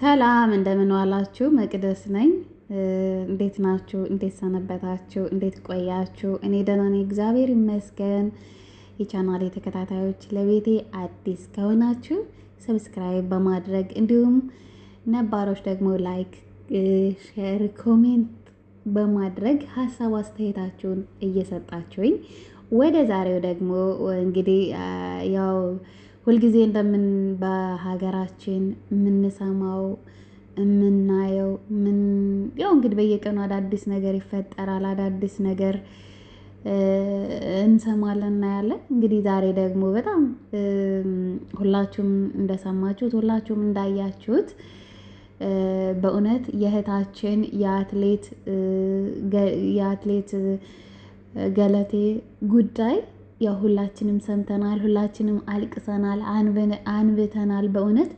ሰላም እንደምን ዋላችሁ? መቅደስ ነኝ። እንዴት ናችሁ? እንዴት ሰነበታችሁ? እንዴት ቆያችሁ? እኔ ደህና ነኝ፣ እግዚአብሔር ይመስገን። የቻናሌ ተከታታዮች ለቤቴ አዲስ ከሆናችሁ ሰብስክራይብ በማድረግ እንዲሁም ነባሮች ደግሞ ላይክ፣ ሼር፣ ኮሜንት በማድረግ ሀሳብ አስተያየታችሁን እየሰጣችሁኝ ወደ ዛሬው ደግሞ እንግዲህ ያው ሁልጊዜ እንደምን በሀገራችን የምንሰማው የምናየው ምን ያው እንግዲህ በየቀኑ አዳዲስ ነገር ይፈጠራል አዳዲስ ነገር እንሰማለን እናያለን። እንግዲህ ዛሬ ደግሞ በጣም ሁላችሁም እንደሰማችሁት ሁላችሁም እንዳያችሁት በእውነት የእህታችን የአትሌት የአትሌት ገለቴ ጉዳይ ያው ሁላችንም ሰምተናል፣ ሁላችንም አልቅሰናል፣ አንብተናል። በእውነት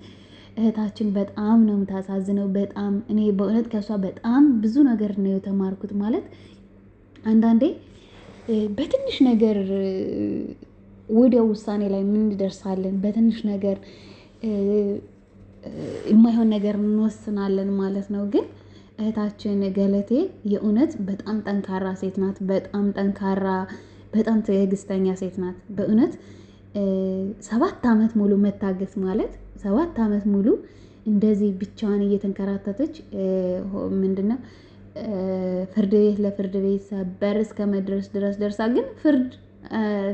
እህታችን በጣም ነው የምታሳዝነው። በጣም እኔ በእውነት ከእሷ በጣም ብዙ ነገር ነው የተማርኩት። ማለት አንዳንዴ በትንሽ ነገር ወዲያው ውሳኔ ላይ ምንደርሳለን፣ በትንሽ ነገር የማይሆን ነገር እንወስናለን ማለት ነው። ግን እህታችን ገለቴ የእውነት በጣም ጠንካራ ሴት ናት። በጣም ጠንካራ በጣም ትዕግስተኛ ሴት ናት። በእውነት ሰባት ዓመት ሙሉ መታገስ ማለት ሰባት ዓመት ሙሉ እንደዚህ ብቻዋን እየተንከራተተች ምንድነው ፍርድ ቤት ለፍርድ ቤት ሰበር እስከ መድረስ ድረስ ደርሳ ግን ፍርድ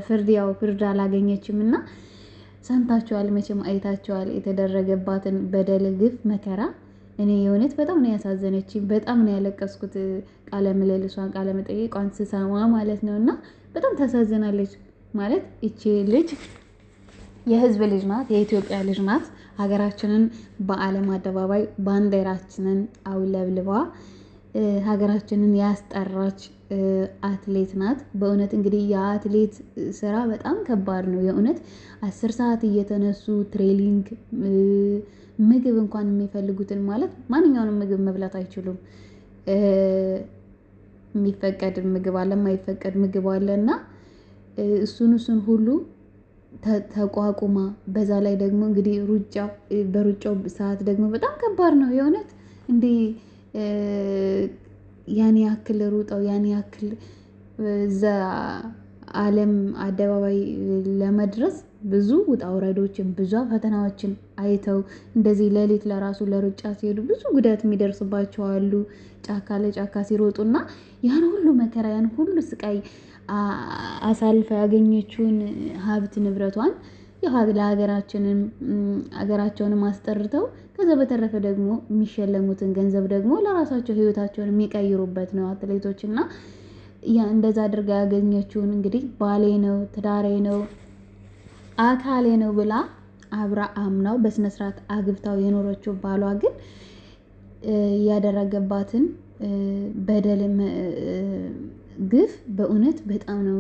ፍርድ ያው ፍርድ አላገኘችም እና ሰምታችኋል፣ መቼም አይታችኋል የተደረገባትን በደል፣ ግፍ፣ መከራ እኔ የእውነት በጣም ነው ያሳዘነች። በጣም ነው ያለቀስኩት ቃለ ምልልሷን ቃለ መጠየቋን ስሰማ ማለት ነው። እና በጣም ታሳዝናለች ማለት ይቺ ልጅ የህዝብ ልጅ ናት፣ የኢትዮጵያ ልጅ ናት። ሀገራችንን በዓለም አደባባይ ባንዲራችንን አውለብልባ ሀገራችንን ያስጠራች አትሌት ናት። በእውነት እንግዲህ የአትሌት ስራ በጣም ከባድ ነው። የእውነት አስር ሰዓት እየተነሱ ትሬሊንግ ምግብ እንኳን የሚፈልጉትን ማለት ማንኛውንም ምግብ መብላት አይችሉም። የሚፈቀድ ምግብ አለ፣ የማይፈቀድ ምግብ አለ እና እሱን እሱን ሁሉ ተቋቁማ በዛ ላይ ደግሞ እንግዲህ ሩጫ በሩጫው ሰዓት ደግሞ በጣም ከባድ ነው የእውነት እንዲህ ያን ያክል ሩጠው ያን ያክል እዛ አለም አደባባይ ለመድረስ ብዙ ውጣ ውረዶችን ብዙ ፈተናዎችን አይተው እንደዚህ ሌሊት ለራሱ ለሩጫ ሲሄዱ ብዙ ጉዳት የሚደርስባቸው አሉ። ጫካ ለጫካ ሲሮጡና ያን ሁሉ መከራ ያን ሁሉ ስቃይ አሳልፈ ያገኘችውን ሀብት ንብረቷን ለሀገራችንም ሀገራቸውንም አስጠርተው ከዛ በተረፈ ደግሞ የሚሸለሙትን ገንዘብ ደግሞ ለራሳቸው ህይወታቸውን የሚቀይሩበት ነው አትሌቶች እና እንደዛ አድርጋ ያገኘችውን እንግዲህ ባሌ ነው ትዳሬ ነው አካሌ ነው ብላ አብራ አምናው በስነስርዓት አግብታው የኖረችው ባሏ ግን ያደረገባትን በደል ግፍ በእውነት በጣም ነው።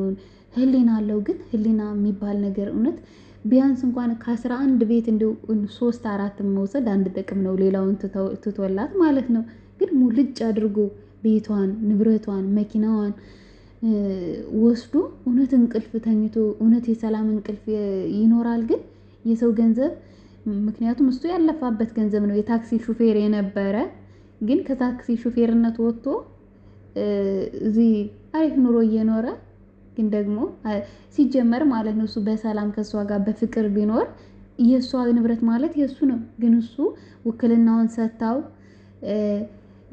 ህሊና አለው ግን ህሊና የሚባል ነገር እውነት ቢያንስ እንኳን ከአስራ አንድ ቤት እንዲ ሶስት አራት መውሰድ አንድ ጥቅም ነው። ሌላውን ትቶላት ማለት ነው። ግን ሙልጭ አድርጎ ቤቷን፣ ንብረቷን፣ መኪናዋን ወስዶ እውነት እንቅልፍ ተኝቶ እውነት የሰላም እንቅልፍ ይኖራል? ግን የሰው ገንዘብ ምክንያቱም እሱ ያለፋበት ገንዘብ ነው። የታክሲ ሹፌር የነበረ ግን ከታክሲ ሹፌርነት ወጥቶ እዚህ አሪፍ ኑሮ እየኖረ ግን ደግሞ ሲጀመር ማለት ነው እሱ በሰላም ከእሷ ጋር በፍቅር ቢኖር የእሷ ንብረት ማለት የእሱ ነው። ግን እሱ ውክልናውን ሰጥታው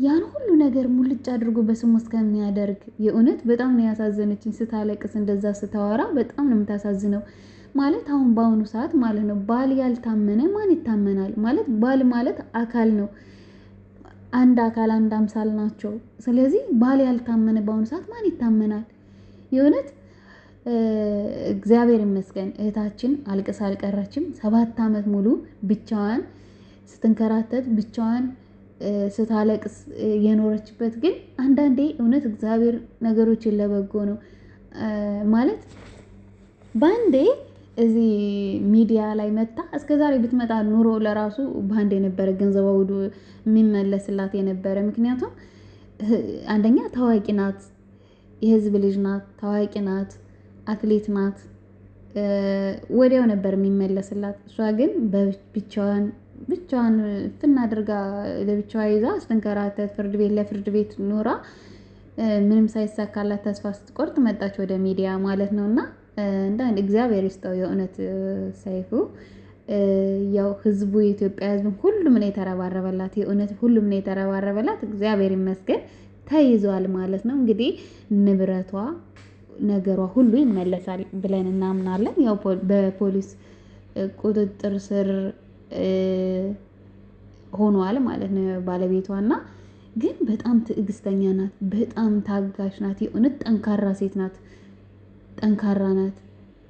ያን ሁሉ ነገር ሙልጭ አድርጎ በስሙ እስከሚያደርግ የእውነት በጣም ነው ያሳዘነችኝ። ስታለቅስ እንደዛ ስታወራ በጣም ነው የምታሳዝነው። ማለት አሁን በአሁኑ ሰዓት ማለት ነው ባል ያልታመነ ማን ይታመናል? ማለት ባል ማለት አካል ነው። አንድ አካል አንድ አምሳል ናቸው። ስለዚህ ባል ያልታመነ በአሁኑ ሰዓት ማን ይታመናል? የእውነት እግዚአብሔር ይመስገን እህታችን አልቅስ አልቀረችም። ሰባት ዓመት ሙሉ ብቻዋን ስትንከራተት ብቻዋን ስታለቅስ የኖረችበት ግን አንዳንዴ እውነት እግዚአብሔር ነገሮችን ለበጎ ነው ማለት በአንዴ እዚህ ሚዲያ ላይ መታ እስከ ዛሬ ብትመጣ ኑሮ ለራሱ በአንድ የነበረ ገንዘብ አውዱ የሚመለስላት የነበረ። ምክንያቱም አንደኛ ታዋቂ ናት፣ የህዝብ ልጅ ናት፣ ታዋቂ ናት፣ አትሌት ናት። ወዲያው ነበር የሚመለስላት። እሷ ግን ብቻዋን ብቻዋን ፍና አድርጋ ለብቻዋ ይዛ ስትንከራተት ፍርድ ቤት ለፍርድ ቤት ኖራ ምንም ሳይሳካላት ተስፋ ስትቆርጥ መጣች ወደ ሚዲያ ማለት ነው። እና እንዳንድ እግዚአብሔር ይስጠው የእውነት ሰይፉ ያው ህዝቡ የኢትዮጵያ ህዝብ ሁሉም ነው የተረባረበላት። የእውነት ሁሉም ነው የተረባረበላት። እግዚአብሔር ይመስገን ተይዟል ማለት ነው። እንግዲህ ንብረቷ ነገሯ ሁሉ ይመለሳል ብለን እናምናለን። ያው በፖሊስ ቁጥጥር ስር ሆኗል ማለት ነው ባለቤቷና ግን በጣም ትዕግስተኛ ናት። በጣም ታጋሽ ናት። የእውነት ጠንካራ ሴት ናት። ጠንካራ ናት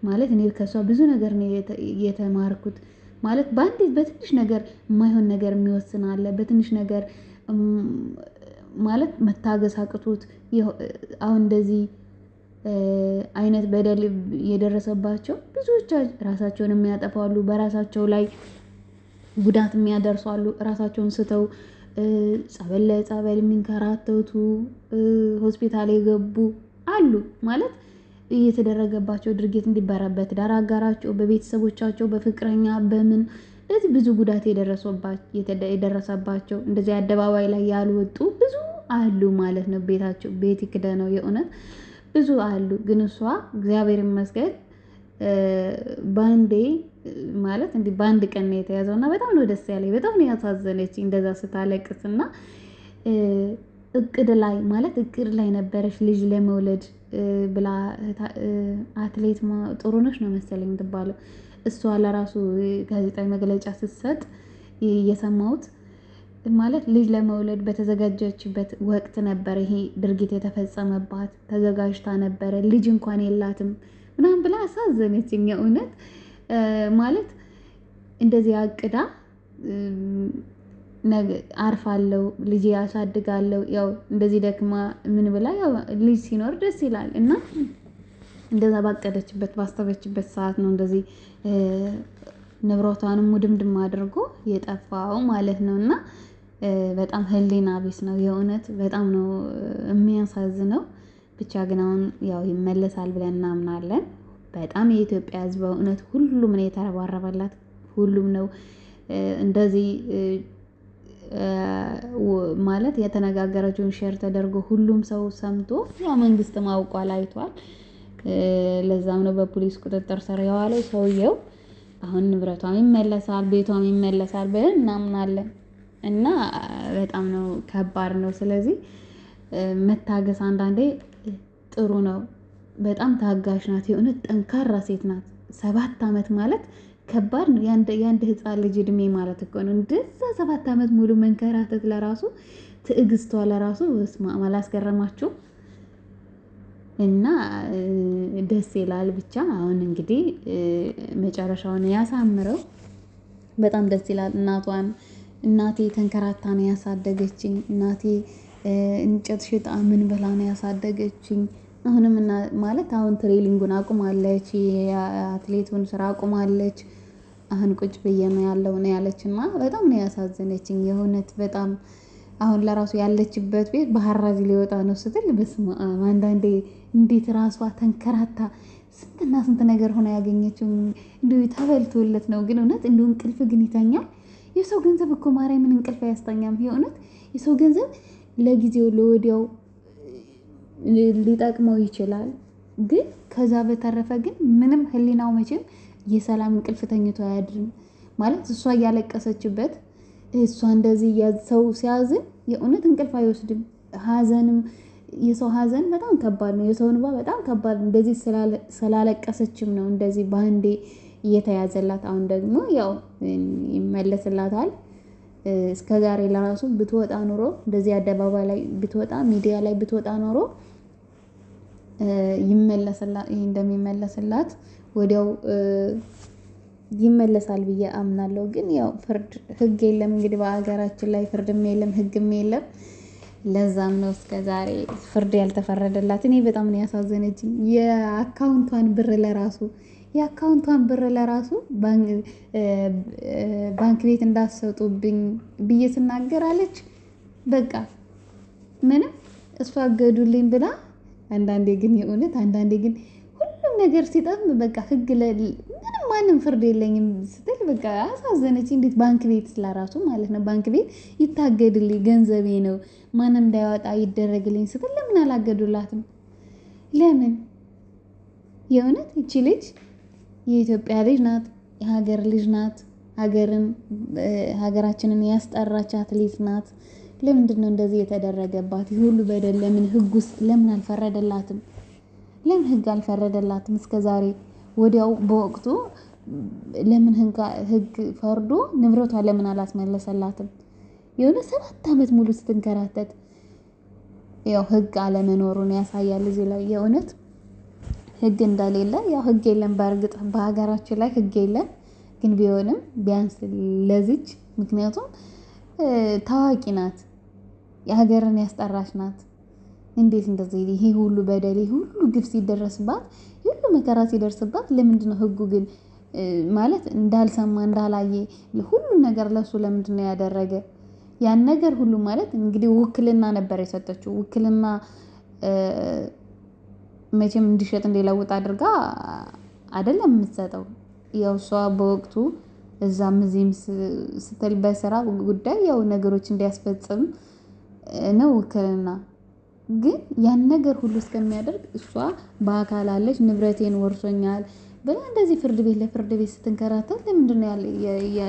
ማለት እኔ ከሷ ብዙ ነገር ነው የተማርኩት። ማለት በአንድ በትንሽ ነገር የማይሆን ነገር የሚወስን አለ። በትንሽ ነገር ማለት መታገስ አቅቶት አሁን እንደዚህ አይነት በደል የደረሰባቸው ብዙዎች ራሳቸውን የሚያጠፋሉ በራሳቸው ላይ ጉዳት የሚያደርሱ አሉ። እራሳቸውን ስተው ጸበል ጸበል የሚንከራተቱ ሆስፒታል የገቡ አሉ ማለት እየተደረገባቸው ድርጊት እንዲበረበት ዳር አጋራቸው፣ በቤተሰቦቻቸው፣ በፍቅረኛ በምን እንደዚህ ብዙ ጉዳት የደረሰባቸው እንደዚህ አደባባይ ላይ ያልወጡ ብዙ አሉ ማለት ነው። ቤታቸው ቤት ክደ ነው የእውነት ብዙ አሉ። ግን እሷ እግዚአብሔር ይመስገን በአንዴ ማለት እንዲህ በአንድ ቀን ነው የተያዘው እና በጣም ነው ደስ ያለኝ። በጣም ነው ያሳዘነች እንደዛ ስታለቅስ እና እቅድ ላይ ማለት እቅድ ላይ ነበረች ልጅ ለመውለድ ብላ አትሌት ጥሩነሽ ነው መሰለኝ የምትባለው እሷ ለራሱ ጋዜጣዊ መግለጫ ስትሰጥ እየሰማውት ማለት ልጅ ለመውለድ በተዘጋጀችበት ወቅት ነበር ይሄ ድርጊት የተፈጸመባት። ተዘጋጅታ ነበረ ልጅ እንኳን የላትም ምናምን ብላ አሳዘነችኝ እውነት ማለት እንደዚህ አቅዳ አርፋለሁ ልጅ ያሳድጋለው። ያው እንደዚህ ደክማ ምን ብላ ያው ልጅ ሲኖር ደስ ይላል እና እንደዛ ባቀደችበት ባስተበችበት ሰዓት ነው እንደዚህ ንብረቷንም ውድምድም አድርጎ የጠፋው ማለት ነው። እና በጣም ህሊና ቢስ ነው የእውነት በጣም ነው የሚያሳዝነው። ብቻ ግን አሁን ያው ይመለሳል ብለን እናምናለን። በጣም የኢትዮጵያ ህዝብ እውነት ሁሉም ነው የተረባረበላት። ሁሉም ነው እንደዚህ ማለት የተነጋገረችውን ሼር ተደርጎ ሁሉም ሰው ሰምቶ ያው መንግስት አውቋል፣ አይቷል። ለዛም ነው በፖሊስ ቁጥጥር ስር የዋለው ሰውየው። አሁን ንብረቷም ይመለሳል፣ ቤቷም ይመለሳል ብለን እናምናለን። እና በጣም ነው ከባድ ነው። ስለዚህ መታገስ አንዳንዴ ጥሩ ነው። በጣም ታጋሽ ናት። የእውነት ጠንካራ ሴት ናት። ሰባት ዓመት ማለት ከባድ ነው። የአንድ ህፃን ልጅ እድሜ ማለት እኮ ነው። እንደዛ ሰባት ዓመት ሙሉ መንከራተት ለራሱ ትዕግስቷ ለራሱ አላስገረማችሁ? እና ደስ ይላል። ብቻ አሁን እንግዲህ መጨረሻውን ያሳምረው። በጣም ደስ ይላል። እናቷን እናቴ ተንከራታ ነው ያሳደገችኝ፣ እናቴ እንጨት ሽጣ ምን በላ ነው ያሳደገችኝ አሁንም ማለት አሁን ትሬሊንጉን አቁማለች የአትሌቱን ስራ አቁማለች። አሁን ቁጭ ብዬ ነው ያለው ነው ያለችና በጣም ነው ያሳዘነችኝ። የእውነት በጣም አሁን ለራሱ ያለችበት ቤት ባህራዚ ሊወጣ ነው ስትል በስመ አብ አንዳንዴ እንዴት ራሷ ተንከራታ ስንትና ስንት ነገር ሆና ያገኘችው እንዲሁ ተበልቶለት ነው። ግን እውነት እንዲሁ እንቅልፍ ግን ይተኛል። የሰው ገንዘብ እኮ ማርያምን እንቅልፍ አያስተኛም። የእውነት የሰው ገንዘብ ለጊዜው ለወዲያው ሊጠቅመው ይችላል። ግን ከዛ በተረፈ ግን ምንም ህሊናው መቼም የሰላም እንቅልፍ ተኝቶ አያድርም። ማለት እሷ እያለቀሰችበት እሷ እንደዚህ ሰው ሲያዝን የእውነት እንቅልፍ አይወስድም። ሀዘንም የሰው ሀዘን በጣም ከባድ ነው። የሰው እንባ በጣም ከባድ ነው። እንደዚህ ስላለቀሰችም ነው እንደዚህ በአንዴ እየተያዘላት። አሁን ደግሞ ያው ይመለስላታል። እስከዛሬ ለራሱ ብትወጣ ኑሮ እንደዚህ አደባባይ ላይ ብትወጣ ሚዲያ ላይ ብትወጣ ኖሮ እንደሚመለስላት ወዲያው ይመለሳል ብዬ አምናለሁ። ግን ያው ፍርድ ህግ የለም እንግዲህ በሀገራችን ላይ ፍርድም የለም ህግም የለም። ለዛም ነው ዛሬ ፍርድ ያልተፈረደላት። እኔ በጣም ነው ያሳዘነችኝ። የአካውንቷን ብር ለራሱ የአካውንቷን ብር ለራሱ ባንክ ቤት እንዳሰጡብኝ ብዬ ትናገራለች። በቃ ምንም እሷ አገዱልኝ ብላ አንዳንዴ ግን የእውነት አንዳንዴ ግን ሁሉም ነገር ሲጠም በቃ ህግ ምንም ማንም ፍርድ የለኝም ስትል በቃ አሳዘነች። እንዴት ባንክ ቤት ስላራሱ ማለት ነው ባንክ ቤት ይታገድልኝ ገንዘቤ ነው ማንም እንዳይወጣ ይደረግልኝ ስትል ለምን አላገዱላትም? ለምን የእውነት ይቺ ልጅ የኢትዮጵያ ልጅ ናት፣ የሀገር ልጅ ናት። ሀገርን ሀገራችንን ያስጠራች አትሌት ናት። ለምንድን ነው እንደዚህ የተደረገባት? ይህ ሁሉ በደል ለምን ህግ ውስጥ ለምን አልፈረደላትም? ለምን ህግ አልፈረደላትም? እስከ ዛሬ ወዲያው በወቅቱ ለምን ህግ ፈርዶ ንብረቷ ለምን አላስመለሰላትም? የሆነ ሰባት ዓመት ሙሉ ስትንከራተት ያው ህግ አለመኖሩን ያሳያል። እዚህ ላይ የእውነት ህግ እንደሌለ ያው ህግ የለም። በእርግጥ በሀገራችን ላይ ህግ የለም፣ ግን ቢሆንም ቢያንስ ለዚች ምክንያቱም ታዋቂ ናት። የሀገርን ያስጠራች ናት። እንዴት እንደዚህ ይሄ ሁሉ በደል ሁሉ ግፍ ሲደረስባት ሁሉ መከራ ሲደርስባት ለምንድን ነው ህጉ ግን ማለት እንዳልሰማ እንዳላየ ሁሉ ነገር ለሱ ለምንድን ነው ያደረገ? ያን ነገር ሁሉ ማለት እንግዲህ ውክልና ነበር የሰጠችው። ውክልና መቼም እንዲሸጥ እንዲለውጥ አድርጋ አይደለም የምትሰጠው። ያው እሷ በወቅቱ እዛም እዚህም ስትል በስራ ጉዳይ ያው ነገሮች እንዲያስፈጽም ነው ውክልና። ግን ያን ነገር ሁሉ እስከሚያደርግ እሷ በአካል አለች፣ ንብረቴን ወርሶኛል ብላ እንደዚህ ፍርድ ቤት ለፍርድ ቤት ስትንከራተት ለምንድን ነው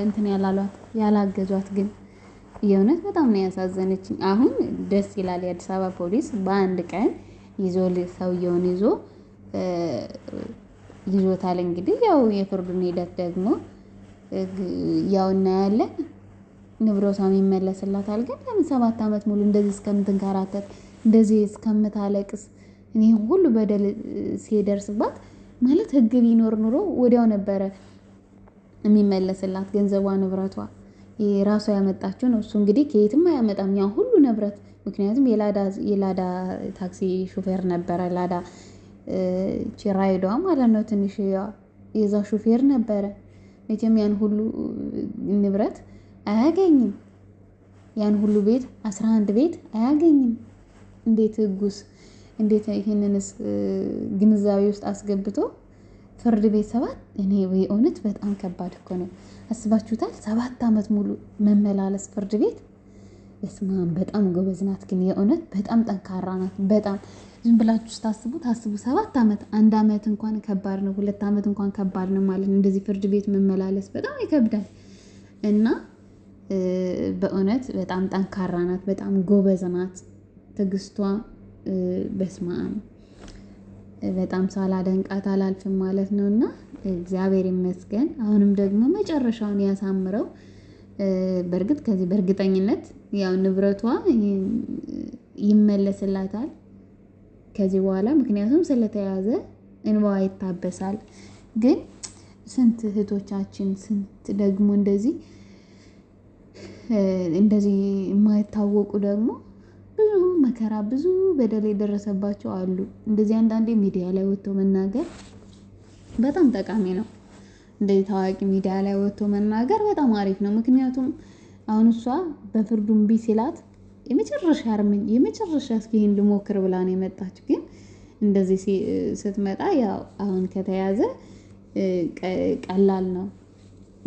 እንትን ያላሏት ያላገዟት? ግን የእውነት በጣም ነው ያሳዘነችኝ። አሁን ደስ ይላል የአዲስ አበባ ፖሊስ በአንድ ቀን ይዞ ሰውየውን ይዞ ይዞታል። እንግዲህ ያው የፍርዱን ሂደት ደግሞ ያው እናያለን። ንብረቷም ይመለስላታል። ግን ለምን ሰባት ዓመት ሙሉ እንደዚህ እስከምትንከራተት እንደዚህ እስከምታለቅስ እኔ ሁሉ በደል ሲደርስባት ማለት ህግ ቢኖር ኑሮ ወዲያው ነበረ የሚመለስላት ገንዘቧ፣ ንብረቷ ራሷ ያመጣችው ነው። እሱ እንግዲህ ከየትም አያመጣም ያ ሁሉ ንብረት። ምክንያቱም የላዳ ታክሲ ሹፌር ነበረ፣ ላዳ ራይዷ ማለት ነው። ትንሽ የዛ ሹፌር ነበረ መቼም ያን ሁሉ ንብረት አያገኝም። ያን ሁሉ ቤት አስራ አንድ ቤት አያገኝም። እንዴት ህጉስ እንዴት ይህንንስ ግንዛቤ ውስጥ አስገብቶ ፍርድ ቤት ሰባት እኔ በእውነት በጣም ከባድ እኮ ነው። አስባችሁታል? ሰባት ዓመት ሙሉ መመላለስ ፍርድ ቤት። ስማን በጣም ጎበዝ ናት፣ ግን የእውነት በጣም ጠንካራ ናት። በጣም ዝም ብላችሁ ስታስቡ ታስቡ። ሰባት ዓመት አንድ ዓመት እንኳን ከባድ ነው፣ ሁለት ዓመት እንኳን ከባድ ነው ማለት ነው። እንደዚህ ፍርድ ቤት መመላለስ በጣም ይከብዳል እና በእውነት በጣም ጠንካራ ናት፣ በጣም ጎበዝ ናት። ትግስቷ በስማም? በጣም ሳላደንቃት አላልፍም ማለት ነው። እና እግዚአብሔር ይመስገን። አሁንም ደግሞ መጨረሻውን ያሳምረው። በእርግጥ ከዚህ በእርግጠኝነት ያው ንብረቷ ይመለስላታል ከዚህ በኋላ ምክንያቱም ስለተያዘ እንባዋ ይታበሳል። ግን ስንት እህቶቻችን ስንት ደግሞ እንደዚህ እንደዚህ የማይታወቁ ደግሞ ብዙ መከራ ብዙ በደል የደረሰባቸው አሉ። እንደዚህ አንዳንዴ ሚዲያ ላይ ወጥቶ መናገር በጣም ጠቃሚ ነው። እንደዚህ ታዋቂ ሚዲያ ላይ ወጥቶ መናገር በጣም አሪፍ ነው። ምክንያቱም አሁን እሷ በፍርዱ እምቢ ሲላት የመጨረሻ እርምኝ የመጨረሻ እስኪ ይህን ልሞክር ብላ ነው የመጣችው። ግን እንደዚህ ስትመጣ ያው አሁን ከተያዘ ቀላል ነው።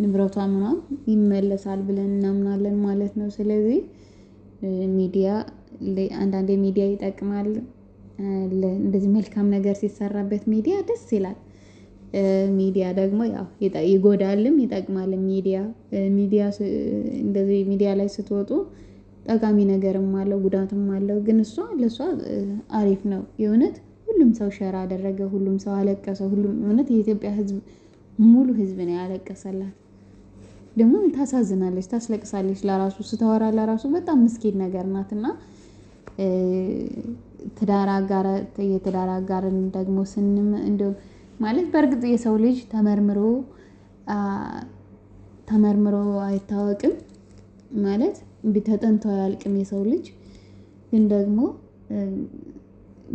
ንብረቷ ምናም ይመለሳል ብለን እናምናለን ማለት ነው። ስለዚህ ሚዲያ አንዳንዴ ሚዲያ ይጠቅማል። እንደዚህ መልካም ነገር ሲሰራበት ሚዲያ ደስ ይላል። ሚዲያ ደግሞ ያው ይጎዳልም ይጠቅማልም። ሚዲያ ሚዲያ እንደዚህ ሚዲያ ላይ ስትወጡ ጠቃሚ ነገርም አለው ጉዳትም አለው። ግን እሷ ለእሷ አሪፍ ነው የእውነት ሁሉም ሰው ሸራ አደረገ፣ ሁሉም ሰው አለቀሰ። ሁሉም እውነት የኢትዮጵያ ሕዝብ ሙሉ ሕዝብ ነው ያለቀሰላት። ደግሞ ታሳዝናለች፣ ታስለቅሳለች። ለራሱ ስታወራ ለራሱ በጣም ምስኪን ነገር ናት እና ትዳር አጋር የትዳር አጋርን ደግሞ ስንም እንደ ማለት በእርግጥ የሰው ልጅ ተመርምሮ ተመርምሮ አይታወቅም ማለት ተጠንቶ አያልቅም የሰው ልጅ ግን ደግሞ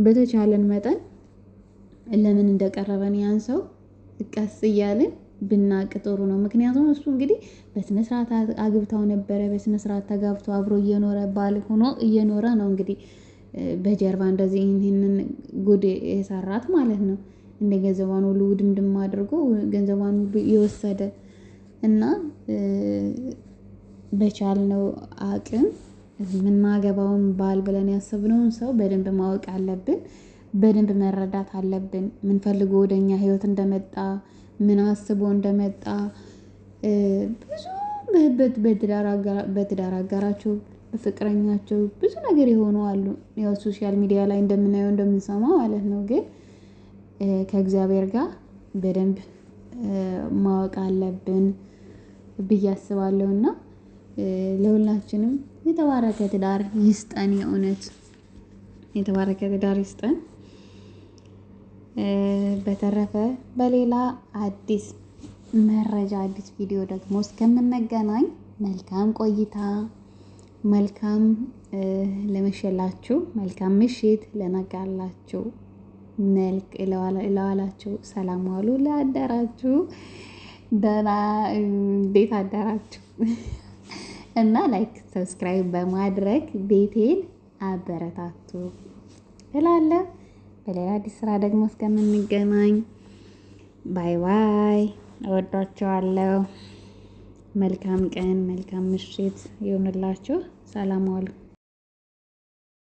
በተቻለን መጠን ለምን እንደቀረበን ያን ሰው ቀስ እያልን ብናቅ ጥሩ ነው። ምክንያቱም እሱ እንግዲህ በስነስርዓት አግብታው ነበረ፣ በስነስርዓት ተጋብቶ አብሮ እየኖረ ባል ሆኖ እየኖረ ነው እንግዲህ በጀርባ እንደዚህ ይህንን ጉድ የሰራት ማለት ነው። እንደ ገንዘቧን ሁሉ ውድምድም አድርጎ ገንዘቧን ሁሉ የወሰደ እና በቻልነው አቅም የምናገባውን ባል ብለን ያሰብነውን ሰው በደንብ ማወቅ አለብን። በደንብ መረዳት አለብን። ምንፈልጎ ወደኛ ህይወት እንደመጣ ምን አስቦ እንደመጣ ብዙ በትዳር አጋራቸው በፍቅረኛቸው ብዙ ነገር የሆኑ አሉ። ያው ሶሻል ሚዲያ ላይ እንደምናየው እንደምንሰማ ማለት ነው። ግን ከእግዚአብሔር ጋር በደንብ ማወቅ አለብን ብዬ አስባለሁ። እና ለሁላችንም የተባረከ ትዳር ይስጠን። የእውነት የተባረከ ትዳር ይስጠን። በተረፈ በሌላ አዲስ መረጃ አዲስ ቪዲዮ ደግሞ እስከምንገናኝ መልካም ቆይታ፣ መልካም ለመሸላችሁ፣ መልካም ምሽት፣ ለነጋላችሁ፣ መልክ ለዋላችሁ፣ ሰላም ዋሉ፣ ለአደራችሁ ደህና እንዴት አደራችሁ እና ላይክ ሰብስክራይብ በማድረግ ቤቴን አበረታቱ እላለሁ። በሌላ አዲስ ስራ ደግሞ እስከምንገናኝ ባይ ባይ። እወዳቸዋለሁ። መልካም ቀን፣ መልካም ምሽት ይሁንላችሁ። ሰላም ዋሉ።